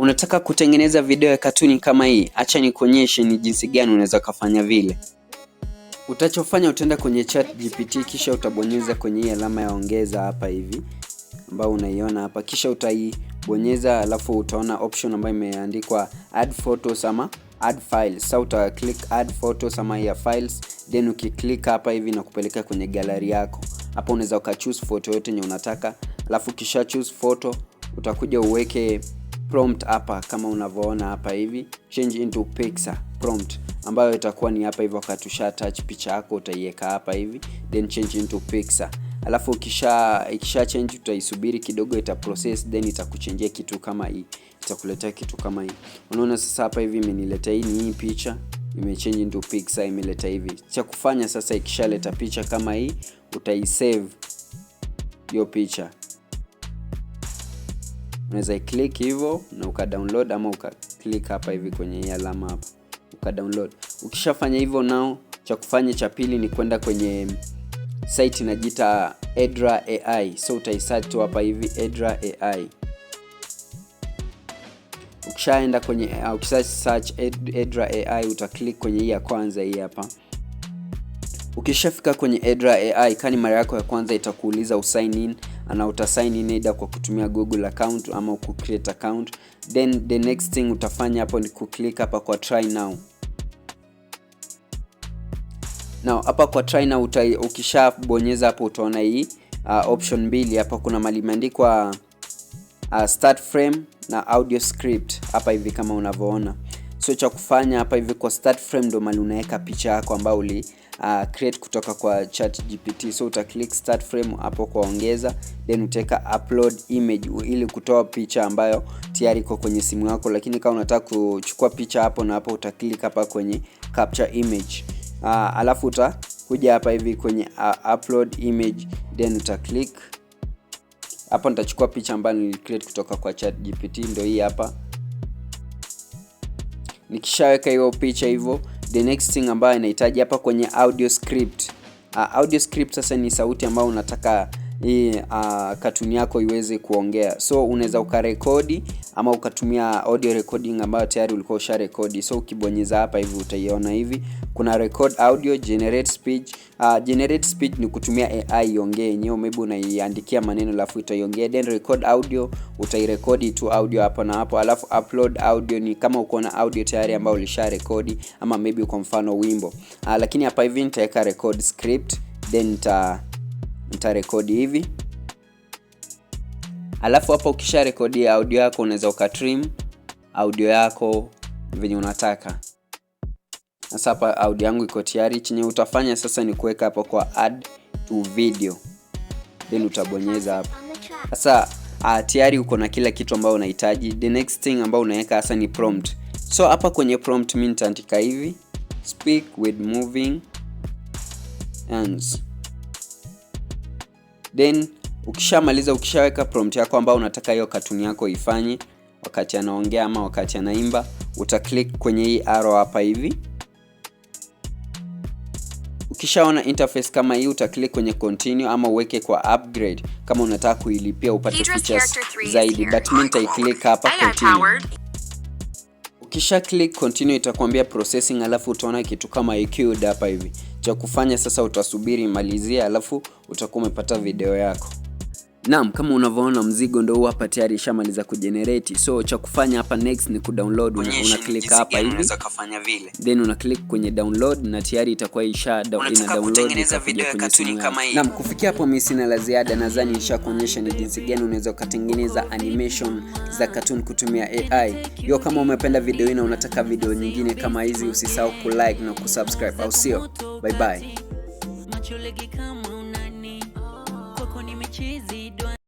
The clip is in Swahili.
Unataka kutengeneza video ya katuni kama hii? Acha nikuonyeshe ni jinsi gani unaweza ukafanya vile. Utachofanya, utaenda kwenye chat GPT, kisha utabonyeza kwenye hii alama ya ongeza hapa hivi ambayo unaiona hapa, kisha utaibonyeza, alafu utaona option ambayo imeandikwa add photos ama add files. Sasa uta click add photos ama ya files, then ukiklik hapa hivi na kupeleka kwenye gallery yako. Hapa unaweza uka choose photo yote yenye unataka, alafu kisha choose photo utakuja uweke prompt hapa kama unavyoona hapa hivi, change into picture prompt ambayo itakuwa ni hapa hivi. Wakati usha touch picha yako utaiweka hapa hivi, then change into picture alafu ikisha ikisha change utaisubiri kidogo, ita process then itakuchenjea kitu kama hii, itakuletea kitu kama hii. Unaona sasa hapa hivi imeniletea hii, ni hii picha imechange into picture, imeleta hivi. Cha kufanya sasa, ikishaleta picha kama hii, utaisave hiyo picha unaweza click hivyo na ukadownload ama ukaclick hapa hivi kwenye hii alama hapa ukadownload. Ukishafanya hivyo, nao cha kufanya cha pili ni kwenda kwenye site inajiita Edra AI, so utaisearch tu hapa hivi Edra AI. Ukishaenda kwenye uh, search Edra AI uta click kwenye hii ya kwanza hii hapa Ukishafika kwenye Edra AI, kani mara yako ya kwanza itakuuliza usign in na uta sign in either kwa kutumia Google account ama uku create account, then the next thing utafanya hapo ni kuklik hapa kwa try now. Now hapa kwa try now uta, ukishabonyeza hapo utaona hii uh, option mbili hapa, kuna mali imeandikwa uh, start frame na audio script hapa hivi kama unavyoona so cha kufanya hapa hivi kwa start frame ndo mali unaweka picha yako ambayo uli uh, create kutoka kwa chat gpt so uta click start frame hapo kwaongeza then utaweka upload image ili kutoa picha ambayo tayari iko kwenye simu yako lakini kama unataka kuchukua picha hapo na hapo uta click hapa kwenye capture image uh, alafu uta kuja hapa hivi kwenye uh, upload image then uta click hapo nitachukua picha ambayo nilicreate kutoka kwa chat gpt ndio hii hapa Nikishaweka hiyo picha hivyo, the next thing ambayo inahitaji hapa kwenye audio script. Uh, audio script sasa ni sauti ambayo unataka hii uh, katuni yako iweze kuongea. So unaweza ukarekodi ama ukatumia audio recording ambayo tayari ulikuwa usha rekodi. So ukibonyeza hapa hivi utaiona hivi kuna record audio, generate speech. Uh, generate speech ni kutumia AI iongee yenyewe, maybe unaiandikia maneno alafu itaiongea, then record audio utairekodi tu audio hapo na hapo, alafu upload audio ni kama uko na audio tayari ambayo ulisha rekodi ama maybe kwa mfano wimbo. Uh, lakini hapa hivi nitaweka record script then nita uh, nitarekodi hivi, alafu hapo ukisha rekodi audio yako unaweza ukatrim audio yako venye unataka. Sasa hapa audio yangu iko tayari. Chenye utafanya sasa ni kuweka hapo kwa add to video, then utabonyeza hapo. Sasa ah, tayari uko na kila kitu ambayo unahitaji. The next thing ambayo unaweka hasa ni prompt. So hapa kwenye prompt mimi nitaandika hivi speak with moving hands. Then ukishamaliza, ukishaweka prompt yako ambao unataka hiyo katuni yako ifanye wakati anaongea ama wakati anaimba, uta click kwenye hii arrow hapa hivi. Ukishaona interface kama hii, uta click kwenye continue ama uweke kwa upgrade kama unataka kuilipia upate features zaidi, but mimi nita click hapa continue. Ukisha click continue, itakwambia processing, alafu utaona kitu kama hapa hivi. Cha kufanya sasa utasubiri imalizie, alafu utakuwa umepata video yako. Naam, kama unavyoona mzigo ndio hapa tayari ishamaliza kujenerate. So cha kufanya hapa next ni kudownload, una, una click hapa hivi. Unaweza kufanya vile. Then una click kwenye download na tayari itakuwa isha download. Unataka kutengeneza video ya katuni kama hii. Naam, kufikia hapo mimi sina la ziada, nadhani nishakuonyesha ni jinsi gani unaweza kutengeneza animation za katuni kutumia AI. Yo, kama umependa video hii na unataka video nyingine kama hizi, usisahau like na kusubscribe, au sio? Bye bye. Cheesy, gì đoan